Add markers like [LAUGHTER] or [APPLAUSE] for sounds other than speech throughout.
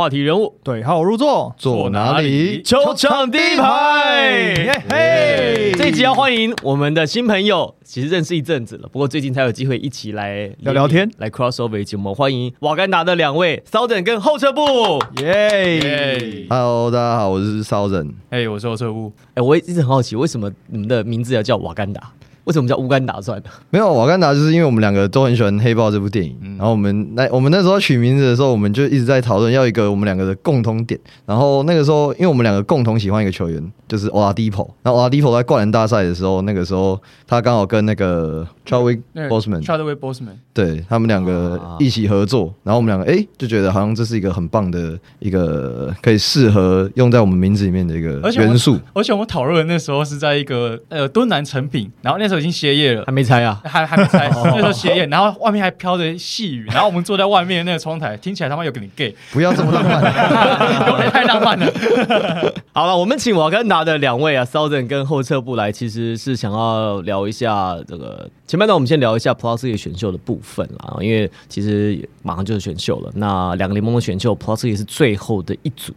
話題人物對號入座，坐哪裡？球場第一排。哎，這集要歡迎我們的新朋友，其實認識一陣子了，不過最近才有機會一起來連連聊聊天，來 cross over 一起，我們歡迎瓦甘達的兩位 Sourden 跟後撤步。耶 yeah，yeah，Hello，大家好，我是 Sourden，hey, 我是後撤步。哎、欸，我一直很好奇，為什麼你們的名字要叫瓦甘達？為什麼叫瓦甘達算？沒有，瓦甘達就是因為我們兩個都很喜歡《黑豹》這部電影。嗯、然後我們那我們那時候取名字的時候，我們就一直在討論要一個我們兩個的共同點。然後那個時候，因為我們兩個共同喜歡一個球員，就是 Oladipo。那 Oladipo 在灌籃大賽的時候，那個時候他剛好跟那個 Chadwick Boseman，Chadwick Boseman，對他們兩個一起合作。啊啊啊然後我們兩個哎、欸、就覺得好像這是一個很棒的一個可以適合用在我們名字裡面的一個元素。而且我們討論的那時候是在一個呃，敦南成品，然後那。手已經歇業了，還沒拆啊，還還沒拆，所以說歇業。然後外面還飄着細雨，然後我們坐在外面那個窗台， [LAUGHS] 聽起來他媽有給你 gay，不要這麼浪漫，太浪漫了。 [LAUGHS] 好了，我們請瓦干達的兩位啊，Southern 跟後側部來，其實是想要聊一下這個。前半段我們先聊一下 P. LEAGUE+ 選秀的部分啦，啊，因為其實也馬上就是選秀了。那兩個聯盟的選秀，P. LEAGUE+ 是最後的一組。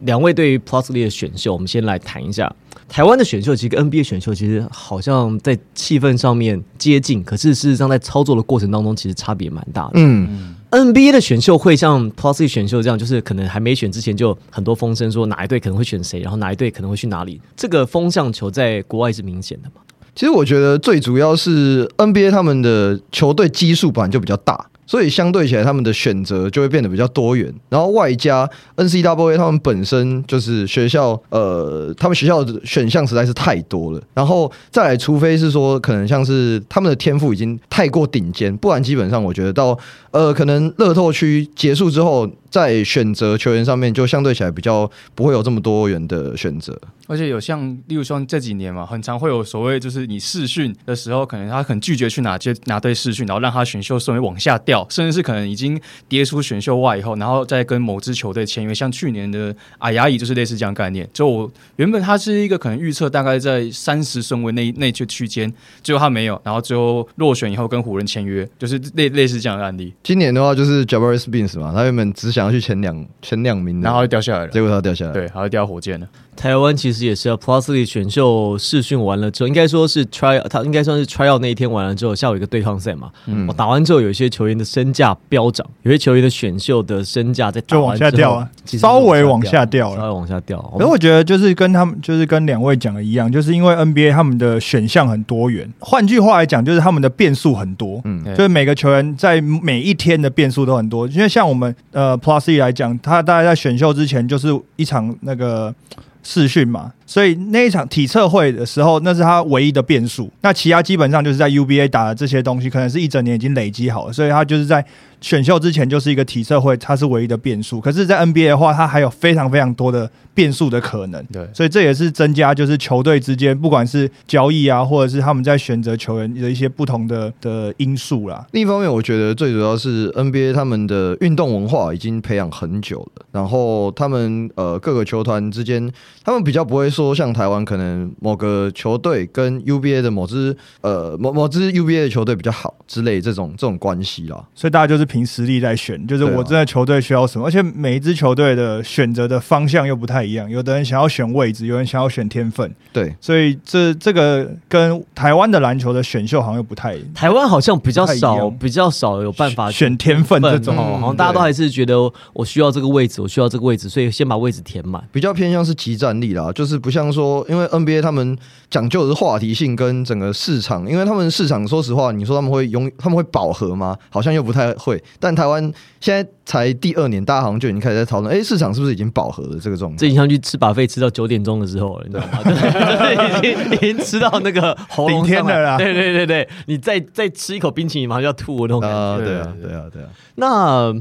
兩位對於 P. LEAGUE+ 的選秀，我們先來談一下。台灣的選秀其實跟 NBA 選秀其實好像在氣氛上面接近，可是事實上在操作的過程當中，其實差別蠻大的。嗯，NBA 的選秀會像 P. LEAGUE+ 選秀這樣，就是可能還沒選之前就很多風聲說哪一隊可能會選誰，然後哪一隊可能會去哪裡。這個風向球在國外是明顯的嘛？其實我覺得最主要是 NBA 他們的球隊基數本來就比較大。所以相對起來，他們的選擇就會變得比較多元。然後外加 NCAA 他們本身就是學校，呃，他們學校的選項實在是太多了。然後再來，除非是說可能像是他們的天賦已經太過頂尖，不然基本上我覺得到呃，可能樂透區結束之後，在選擇球員上面就相對起來比較不會有這麼多元的選擇。而且有像，例如說這幾年嘛，很常會有所謂就是你試訓的時候，可能他很拒絕去拿接，拿隊試訓，然後讓他選秀順位往下掉。甚至是可能已經跌出選秀外以後，然後再跟某支球隊簽約，像去年的阿亞伊就是類似這樣的概念。就我原本他是一個可能預測大概在三十順位那那區區間，最後他沒有，然後最後落選以後跟湖人簽約，就是類類似這樣的案例。今年的話就是 Jabari Smith 嘛，他原本只想要去前兩前兩名，然後他就掉下來了，結果他掉下來了，對，然後他就掉火箭了。台灣其實也是啊，P. League 選秀試訓完了之後，應該說是 try，他應該算是 try out 那一天完了之後，下午一個對抗賽嘛。嗯，我打完之後，有一些球員的身價飆漲，有一些球員的選秀的身價在就往下掉啊，掉，稍微往下掉，稍微往下掉。可是我覺得，就是跟他們，就是跟兩位講的一樣，就是因為 NBA 他們的選項很多元，換句話來講，就是他們的變數很多。嗯，就是每個球員在每一天的變數都很多。因為像我們呃 P. League 來講，他大概在選秀之前就是一場那個。試訓嘛。所以那一場體測會的時候，那是他唯一的變數。那其他基本上就是在 UBA 打的這些東西，可能是一整年已經累積好了。所以他就是在選秀之前就是一個體測會，他是唯一的變數。可是，在 NBA 的話，他還有非常非常多的變數的可能。對，所以這也是增加，就是球隊之間不管是交易啊，或者是他們在選擇球員的一些不同的的因素啦。另一方面，我覺得最主要是 NBA 他們的運動文化已經培養很久了，然後他們呃各個球團之間，他們比較不會。說像台灣可能某個球隊跟 UBA 的某支呃某某支 UBA 的球隊比較好之類，這種這種關係啦，所以大家就是憑實力在選，就是我真的球隊需要什麼，啊、而且每一支球隊的選擇的方向又不太一樣，有的人想要選位置，有人想要選天分，對，所以這這個跟台灣的籃球的選秀好像又不太一樣，台灣好像比較少比較少有辦法選天分這種，嗯嗯好像大家都還是覺得我需要這個位置，我需要這個位置，所以先把位置填滿，比較偏向是即戰力啦，就是。不像說，因為 NBA 他們講究的是話題性跟整個市場，因為他們市場，說實話，你說他們會永他們會飽和嗎？好像又不太會。但台灣現在才第二年，大家好像就已經開始在討論，哎，市場是不是已經飽和了？這個狀態，這已經上去吃巴菲吃到九點鐘的時候了，你知道嗎？已經已經，已經吃到那個喉嚨乾了，對對對對，你再再吃一口冰淇淋，馬上就要吐那種感覺。呃、啊，對啊，對啊，對啊。那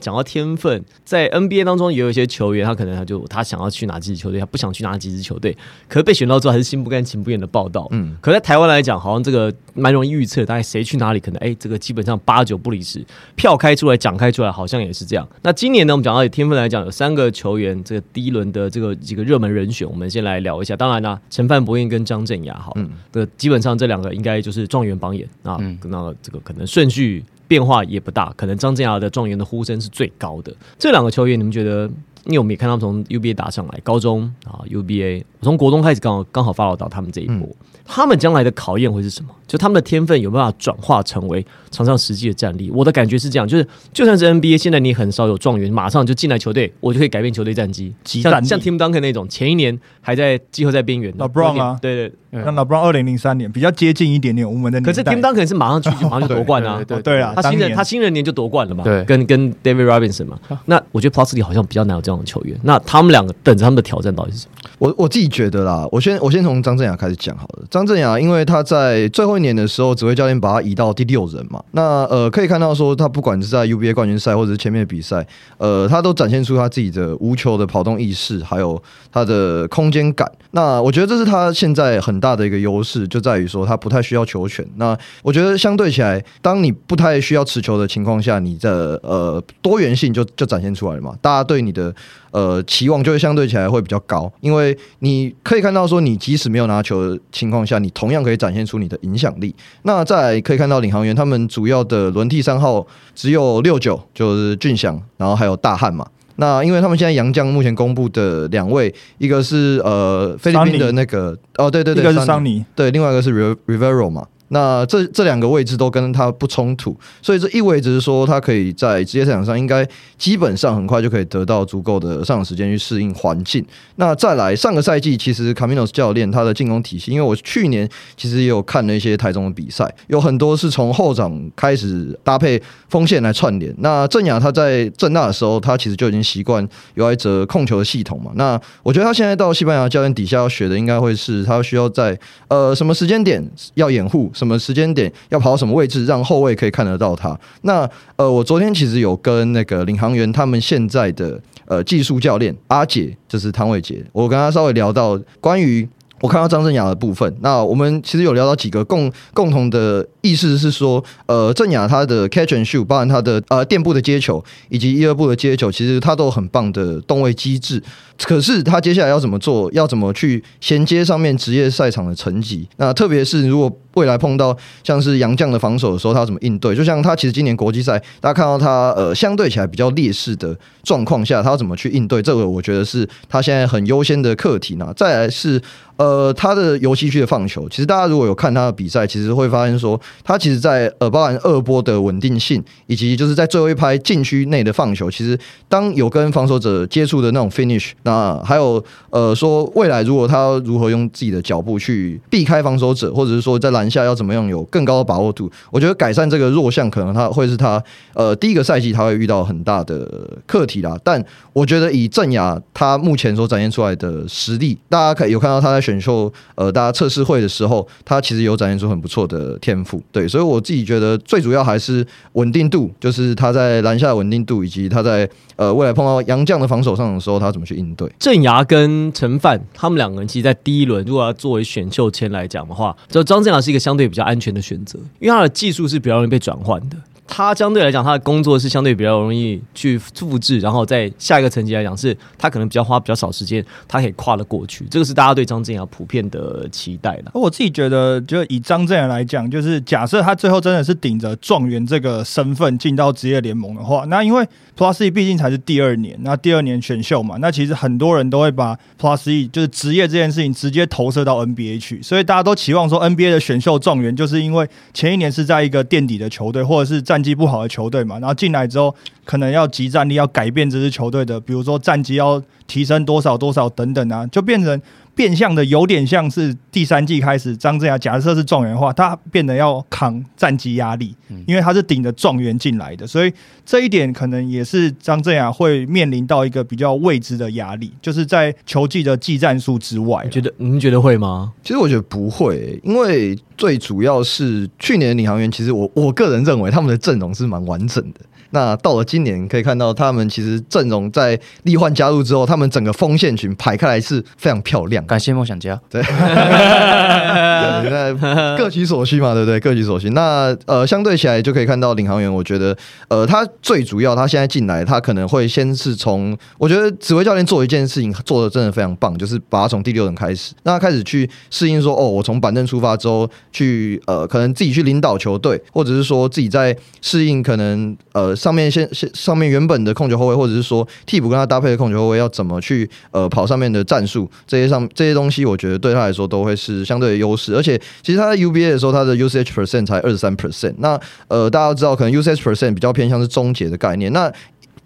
講到天分，在 NBA 當中也有一些球員，他可能他就他想要去哪幾支球隊，他不想去哪幾支球隊。可是被選到之後，還是心不甘情不願的報道。嗯，可在台灣來講，好像這個蠻容易預測，大概誰去哪裡，可能哎，這個基本上八九不離十。票開出來，講開出來，好像也是這樣。那今年呢，我們講到天分來講，有三個球員，這個第一輪的這個幾個熱門人選，我們先來聊一下。當然呢、啊，陳范柏彥跟張鎮衙，哈，嗯，這個基本上這兩個應該就是狀元榜眼啊，那，嗯、那這個可能順序。變化也不大，可能張鎮衙的狀元的呼聲是最高的。這兩個球員，你們覺得？因為我們也看他們從 U B A 打上來，高中啊 U B A，我從國中開始剛好剛好 follow 到他們這一波。嗯、他們將來的考驗會是什麼？就他們的天分有沒有辦法轉化成為場上實際的戰力，我的感覺是這樣，就是就算是 NBA，現在你很少有狀元馬上就進來球隊，我就可以改變球隊戰績。戰像像 Tim Duncan 那種，前一年還在季後賽邊緣，LeBron 啊，對,對對，那 Le、嗯、Bron 二零零三年比較接近一點點我們的可是 Tim Duncan 是馬上去，馬上就奪冠啊，對對啊，他新人年他新人年就奪冠了嘛，對，跟跟 David Robinson 嘛。啊、那我覺得 P. LEAGUE+ 好像比較難有這樣的球員。那他們兩個等着他們的挑戰到底是什麼？我我自己覺得啦，我先我先從張鎮衙開始講好了。張鎮衙因為他在最後一年的時候，指揮教練把他移到第六人嘛。那呃，可以看到說，他不管是在 UBA 冠軍賽或者是前面的比賽，呃，他都展現出他自己的無球的跑動意識，還有他的空間感。那我覺得這是他現在很大的一個優勢，就在於說他不太需要球權。那我覺得相對起來，當你不太需要持球的情況下，你的呃多元性就就展現出來了嘛。大家對你的。呃，期望就會相對起來會比較高，因為你可以看到說，你即使沒有拿球的情況下，你同樣可以展現出你的影響力。那再可以看到領航員，他們主要的輪替三號只有六九，就是俊翔，然後還有大漢嘛。那因為他們現在洋將目前公布的兩位，一個是呃菲律賓的那個桑尼哦，對對對，一個是桑尼，對，另外一個是 Rivero 嘛。那這這兩個位置都跟他不衝突，所以這意味着說，他可以在職業賽場上應該基本上很快就可以得到足夠的上場時間去適應環境。那再來，上個賽季其實卡米諾斯教練他的進攻體系，因為我去年其實也有看了一些台中的比賽，有很多是從後場開始搭配鋒線來串聯。那鎮衙他在政大的時候，他其實就已經習慣游艾喆控球的系統嘛。那我覺得他現在到西班牙教練底下要學的，應該會是他需要在呃什麼時間點要掩護。什麼時間點要跑到什麼位置，讓後衛可以看得到他？那呃，我昨天其實有跟那個領航員他們現在的呃技術教練阿杰，就是湯偉杰，我跟他稍微聊到關於我看到張鎮衙的部分。那我們其實有聊到幾個共共同的意思是說，呃，鎮衙他的 catch and shoot，包含他的呃墊步的接球以及一二步的接球，其實他都有很棒的動位機制。可是他接下來要怎麼做，要怎麼去銜接上面職業賽場的成績？那特別是如果未來碰到像是洋將的防守的時候，他怎麼應對？就像他其實今年國際賽，大家看到他呃相對起來比較劣勢的狀況下，他要怎麼去應對？這個我覺得是他現在很優先的課題呢、啊。再來是呃他的遊戲區的放球，其實大家如果有看他的比賽，其實會發現說他其實在呃包含二波的穩定性，以及就是在最後一拍禁區內的放球，其實當有跟防守者接觸的那種 finish，那還有呃說未來如果他如何用自己的腳步去避開防守者，或者是說在籃。下要怎麼樣有更高的把握度？我覺得改善這個弱項可能他會是他呃第一個賽季他會遇到很大的課題啦。但我覺得以鎮衙他目前所展現出來的實力，大家可以有看到他在選秀呃大家測試會的時候，他其實有展現出很不錯的天賦。對，所以我自己覺得最主要還是穩定度，就是他在籃下的穩定度，以及他在呃未來碰到洋將的防守上的時候，他怎麼去應對。鎮衙跟陳范他們兩個人，其實在第一輪如果要作為選秀簽來講的話，就張鎮衙是一個相對比較安全的選擇，因為它的技術是比較容易被轉換的。他相對來講，他的工作是相對比較容易去複製，然後在下一個層級來講，是他可能比較花比較少時間，他可以跨得過去。這個是大家對張鎮衙普遍的期待啦。我自己覺得，就以張鎮衙來講，就是假設他最後真的是頂着狀元這個身份進到職業聯盟的話，那因為 Plus E 畢竟才是第二年，那第二年選秀嘛，那其實很多人都會把 Plus E 就是職業這件事情直接投射到 NBA 去，所以大家都期望說 NBA 的選秀狀元就是因為前一年是在一個墊底的球隊，或者是在。戰績不好的球隊嘛，然後進來之後，可能要即戰力，要改變這支球隊的，比如說戰績要提升多少多少等等啊，就變成。變相的有點像是第三季開始，張鎮衙假設是狀元的話，他變得要扛戰績壓力，因為他是頂着狀元進來的，所以這一點可能也是張鎮衙會面臨到一個比較未知的壓力，就是在球技的技戰術之外。你覺得您覺得會嗎？其實我覺得不會，因為最主要是去年的領航員，其實我我個人認為他們的陣容是蠻完整的。那到了今年，可以看到他們其實陣容在力換加入之後，他們整個鋒線群排開來是非常漂亮。感謝夢想家。對，那 [LAUGHS] [LAUGHS] 各取所需嘛，對不對？各取所需。那呃，相對起來就可以看到領航員，我覺得呃，他最主要他現在進來，他可能會先是從我覺得指揮教練做一件事情做得真的非常棒，就是把他從第六人開始，那他開始去適應說，哦，我從板凳出發之後，去呃，可能自己去領導球隊，或者是說自己在適應可能呃。上面先先上面原本的控球後衛，或者是說替補跟他搭配的控球後衛，要怎麼去呃跑上面的戰術這些上這些東西，我覺得對他來說都會是相對的優勢。而且其實他在 UBA 的時候，他的 usage percent 才二十三 percent。那呃，大家都知道可能 usage percent 比較偏向是終結的概念。那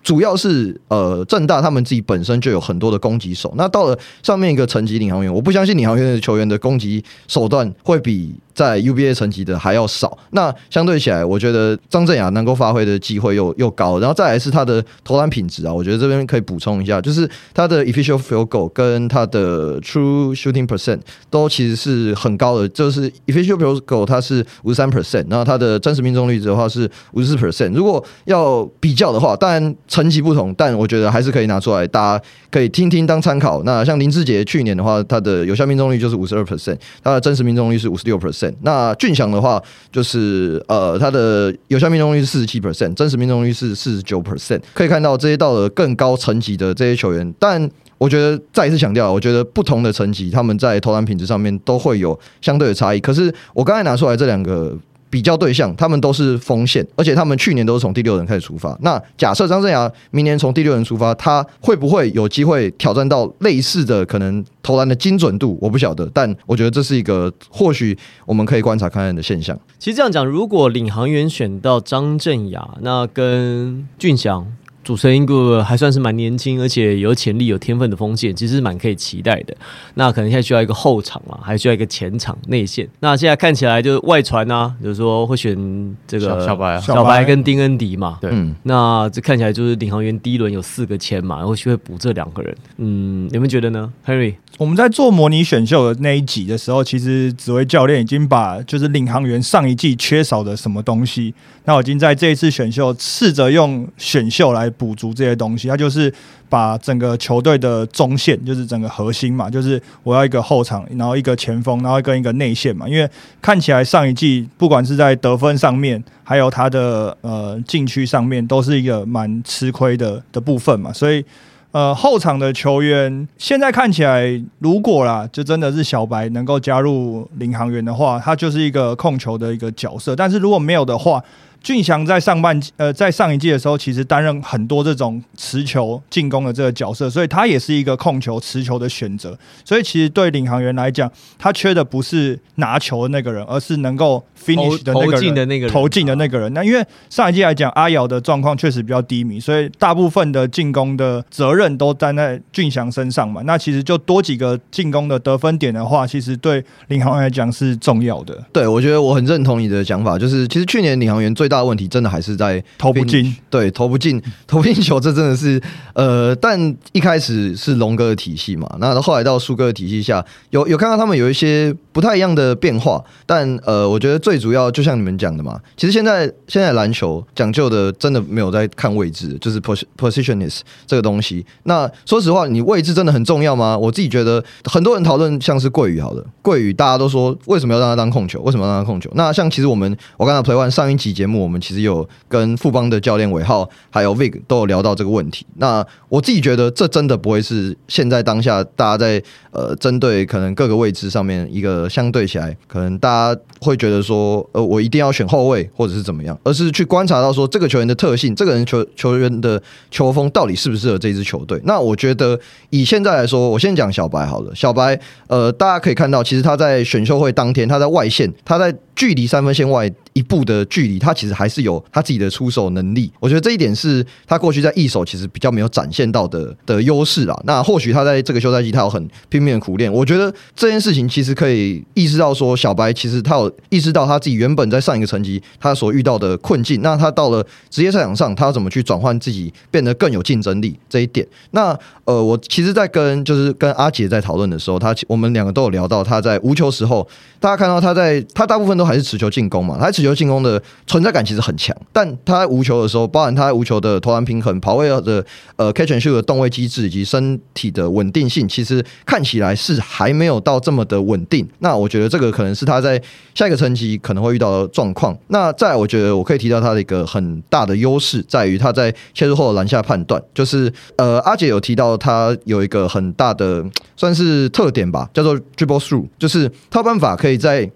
主要是呃政大他們自己本身就有很多的攻擊手。那到了上面一個層級領航員，我不相信領航員的球員的攻擊手段會比在 UBA 層級的還要少，那相對起來，我覺得張鎮衙能夠發揮的機會又又高，然後再來是他的投籃品質啊，我覺得這邊可以補充一下，就是他的 Efficient Field Goal 跟他的 True Shooting Percent 都其實是很高的，就是 Efficient Field Goal 它是五十三 percent，然後他的真實命中率的話是五十四 percent。如果要比較的話，當然層級不同，但我覺得還是可以拿出來，大家可以聽聽當參考。那像林志傑去年的話，他的有效命中率就是五十二 percent，他的真實命中率是五十六 percent。那俊翔的話，就是呃，他的有效命中率是四十七 percent，真實命中率是四十九 percent，可以看到這些到了更高層級的這些球員，但我覺得再一次強調，我覺得不同的層級，他們在投籃品質上面都會有相對的差異。可是我剛才拿出來這兩個。比較對象，他們都是鋒線，而且他們去年都是從第六人開始出發。那假設張鎮衙明年從第六人出發，他會不會有機會挑戰到類似的可能投籃的精準度？我不曉得，但我覺得這是一個或許我們可以觀察看看的現象。其實這樣講，如果領航員選到張鎮衙，那跟俊祥，組成一個還算是蠻年輕，而且有潛力、有天分的鋒線，其實是蠻可以期待的。那可能現在需要一個後場啊，還需要一個前場內線。那現在看起來就是外傳啊，就是說會選這個小,小白、小白跟丁恩迪嘛。嗯、對，那這看起來就是領航員第一輪有四個籤嘛，然後會補這兩個人。嗯，你們覺得呢，Henry？我們在做模擬選秀的那一集的時候，其實紫薇教練已經把就是領航員上一季缺少的什麼東西，那我已經在這一次選秀試着用選秀來。補足這些東西，他就是把整個球隊的中線，就是整個核心嘛，就是我要一個後場，然後一個前鋒，然後跟一個內線嘛。因為看起來上一季，不管是在得分上面，還有他的呃禁區上面，都是一個蠻吃虧的的部分嘛。所以呃後場的球員現在看起來，如果啦，就真的是小白能夠加入領航員的話，他就是一個控球的一個角色。但是如果沒有的話，俊祥在上半呃，在上一季的時候，其實擔任很多這種持球進攻的這個角色，所以他也是一個控球、持球的選擇。所以其實對領航員來講，他缺的不是拿球的那個人，而是能夠 finish 的那個人、投進的那個人。那因為上一季來講，阿瑤的狀況確實比較低迷，所以大部分的進攻的責任都擔在俊祥身上嘛。那其實就多幾個進攻的得分點的話，其實對領航員來講是重要的。對，我覺得我很認同你的想法，就是其實去年領航員最大大問題真的還是在投不進，對，投不進， [LAUGHS] 投不進球，這真的是，呃，但一開始是龍哥的體系嘛，那後來到樹哥的體系下，有有看到他們有一些不太一樣的變化，但呃，我覺得最主要就像你們講的嘛，其實現在現在籃球講究的真的沒有在看位置，就是 position positionness 這個東西。那說實話，你位置真的很重要嗎？我自己覺得很多人討論，像是桂魚，好了，桂魚大家都說為什麼要讓他當控球，為什麼要讓他控球？那像其實我們我剛才 play one 上一集節目。我們其實有跟富邦的教練尾浩還有 Vic 都有聊到這個問題。那我自己覺得，這真的不會是現在當下大家在呃針對可能各個位置上面一個相對起來，可能大家會覺得說，呃，我一定要選後衛或者是怎麼樣，而是去觀察到說這個球員的特性，這個人球球員的球風到底適不適合這支球隊。那我覺得以現在來說，我先講小白好了。小白，呃，大家可以看到，其實他在選秀會當天，他在外線，他在距離三分線外一步的距離，他其實。還是有他自己的出手能力，我覺得這一點是他過去在一手其實比較沒有展現到的的優勢啊。那或許他在這個休賽季他有很拼命的苦練，我覺得這件事情其實可以意識到說，小白其實他有意識到他自己原本在上一個層級他所遇到的困境，那他到了職業賽場上，他要怎麼去轉換自己變得更有競爭力這一點。那呃，我其實，在跟就是跟阿杰在討論的時候，他我們兩個都有聊到他在無球時候，大家看到他在他大部分都還是持球進攻嘛，他持球進攻的存在感，其實很強，但他在無球的時候，包含他在無球的投籃平衡、跑位的呃 catch and shoot 的動位機制以及身體的穩定性，其實看起來是還沒有到這麼的穩定。那我覺得這個可能是他在下一個層級可能會遇到的狀況。那再我覺得，我可以提到他的一個很大的優勢，在於他在切入後的籃下判斷，就是呃阿杰有提到他有一個很大的算是特點吧，叫做 dribble through，就是他有辦法可以在。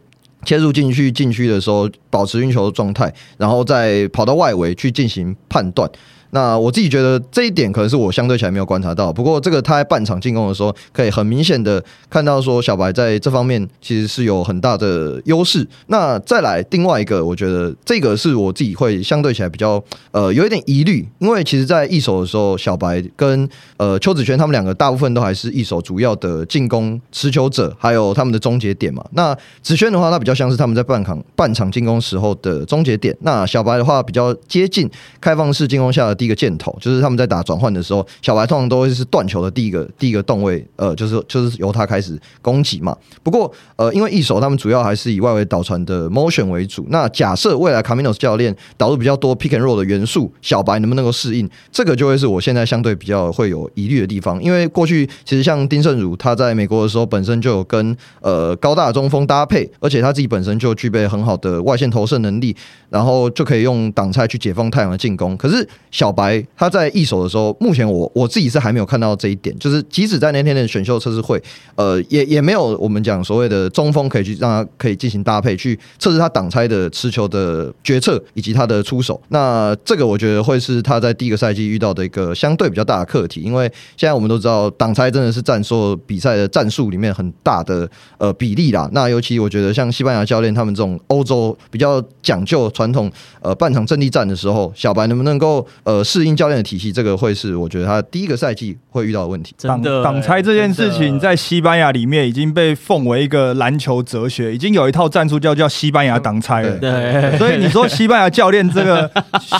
切入進去，進去的時候保持運球的狀態，然後再跑到外圍去進行判斷。那我自己覺得這一點可能是我相對起來沒有觀察到，不過這個他在半場進攻的時候，可以很明顯的看到說小白在這方面其實是有很大的優勢。那再來另外一個，我覺得這個是我自己會相對起來比較呃有一點疑慮，因為其實，在一手的時候，小白跟呃邱子軒他們兩個大部分都還是一手主要的進攻持球者，還有他們的終結點嘛。那子軒的話，他比較像是他們在半場半場進攻時候的終結點。那小白的話，比較接近開放式進攻下的。第一個箭頭就是他們在打轉換的時候，小白通常都會是斷球的第一個第一個動位，呃，就是就是由他開始攻擊嘛。不過，呃，因為一手他們主要還是以外圍導傳的 motion 為主。那假設未來 Caminos 教練導入比較多 pick and roll 的元素，小白能不能夠適應？這個就會是我現在相對比較會有疑慮的地方。因為過去其實像丁勝儒他在美國的時候，本身就有跟呃高大中鋒搭配，而且他自己本身就具備很好的外線投射能力，然後就可以用擋拆去解放太陽的進攻。可是小小白他在一手的時候，目前我我自己是還沒有看到這一點，就是即使在那天的選秀測試會，呃，也也沒有我們講所謂的中鋒可以去讓他可以進行搭配去測試他擋拆的持球的決策以及他的出手。那這個我覺得會是他在第一個賽季遇到的一個相對比較大的課題，因為現在我們都知道擋拆真的是戰術比賽的戰術裡面很大的呃比例啦。那尤其我覺得像西班牙教練他們這種歐洲比較講究傳統呃半場陣地戰的時候，小白能不能夠呃。適應教練的體系，這個會是我覺得他第一個賽季會遇到的問題。擋擋拆這件事情在西班牙裡面已經被奉為一個籃球哲學，已經有一套戰術叫叫西班牙擋拆了。對，對，所以你說西班牙教練這個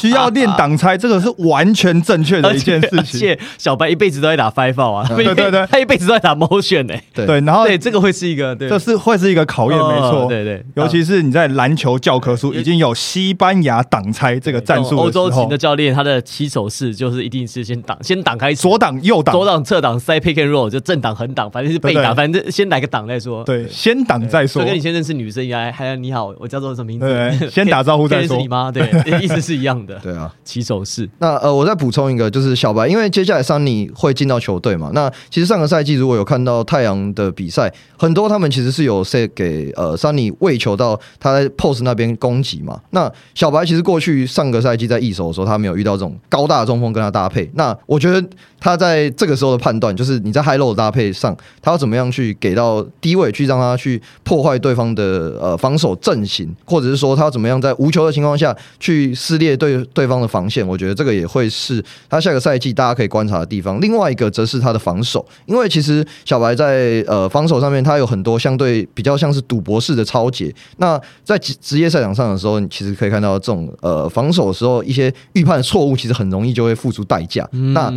需要練擋拆，這個是完全正確的一件事情。 [LAUGHS] 而且，而且小白一輩子都在打 five ball，、啊打欸、對對對，他一輩子都在打 motion 哎、欸，對，然後對這個會是一個，對，這是會是一個考驗，哦、沒錯錯，對，對對，尤其是你在籃球教科書已經有西班牙擋拆這個戰術，歐洲型的教練他的。起手式就是一定是先擋，先擋開，左擋右擋，左擋側擋塞 pick and roll，就正擋橫擋，反正是背擋，反正先來個擋再說。對，先擋再說。跟你先認識女生一樣，還有你好，我叫做什麼名字？先打招呼再說。認識你嗎？對，意思是一樣的。對啊，起手式。那呃，我再補充一個，就是小白，因為接下來桑尼會進到球隊嘛。那其實上個賽季如果有看到太陽的比賽，很多他們其實是有塞給呃桑尼餵球到他在 pose 那邊攻擊嘛。那小白其實過去上個賽季在義守的時候，他沒有遇到這種。高大的中鋒跟他搭配，那我覺得他在這個時候的判斷，就是你在 high low 的搭配上，他要怎麼樣去給到低位，去讓他去破壞對方的呃防守陣型，或者是說他要怎麼樣在無球的情況下去撕裂對對方的防線？我覺得這個也會是他下個賽季大家可以觀察的地方。另外一個則是他的防守，因為其實小白在呃防守上面，他有很多相對比較像是賭博式的抄截。那在職業賽場上的時候，你其實可以看到這種呃防守的時候一些預判錯誤。其實很容易就會付出代價。嗯、那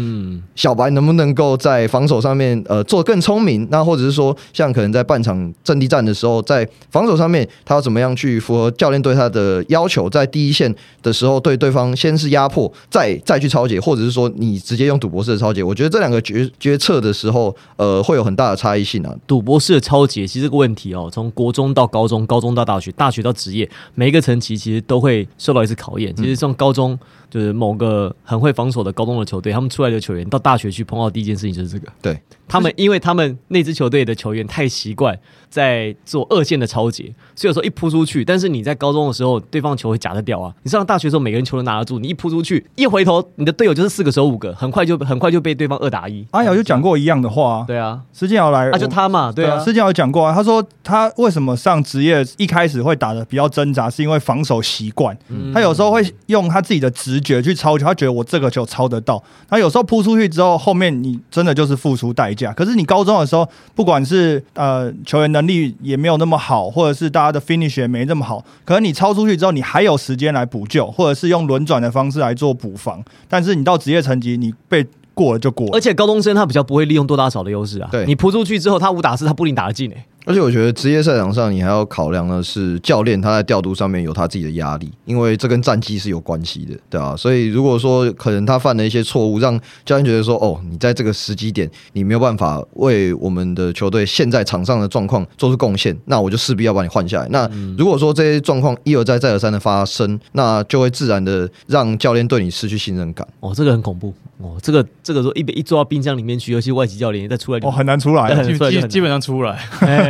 小白能不能夠在防守上面呃做得更聰明？那或者是說，像可能在半場陣地戰的時候，在防守上面他要怎麼樣去符合教練對他的要求？在第一線的時候，對對方先是壓迫，再再去抄截，或者是說你直接用賭博式的抄截。我覺得這兩個決決策的時候，呃，會有很大的差異性啊。賭博式的抄截其實這個問題哦，從國中到高中，高中到大學，大學到職業，每一個層級其實都會受到一次考驗。嗯、其實從高中。就是某個很會防守的高中的球隊，他們出來的球員到大學去碰到的第一件事情就是這個。對。他們因為他們那支球隊的球員太習慣在做二線的抄截，所以有時候一撲出去，但是你在高中的時候，對方球會夾得掉啊。你上大學的時候每個人球都拿得住，你一撲出去，一回頭，你的隊友就是四個、手五個，很快就很快就被對方二打一、哎呀。阿瑤就講過一樣的話，啊，對啊，施晉堯來，那、啊、就他嘛，對啊，施晉堯講過啊，他說他為什麼上職業一開始會打得比較掙扎，是因為防守習慣，他有時候會用他自己的直覺去抄球，他覺得我這個球抄得到，他有時候撲出去之後，後面你真的就是付出代價。可是你高中的時候，不管是呃球員能力也沒有那麼好，或者是大家的 finish 也沒那麼好，可能你超出去之後，你還有時間來補救，或者是用輪轉的方式來做補防。但是你到職業層級，你被過了就過了。而且高中生他比較不會利用多打少的優勢啊。對你撲出去之後，他五打四，他不一定打得進哎。而且我覺得職業賽場上，你還要考量的是教練他在調度上面有他自己的壓力，因為這跟戰績是有關係的，對啊，所以如果說可能他犯了一些錯誤，讓教練覺得說，哦，你在這個時機點，你沒有辦法為我們的球隊現在場上的狀況做出貢獻，那我就勢必要把你換下來。那如果說這些狀況一而再、再而三的發生，那就會自然的讓教練對你失去信任感。哦，這個很恐怖。哦，這個這個時候一被一坐到冰箱裡面去，尤其外籍教練再出來，哦，很難出來，基基本上出不來。 [LAUGHS]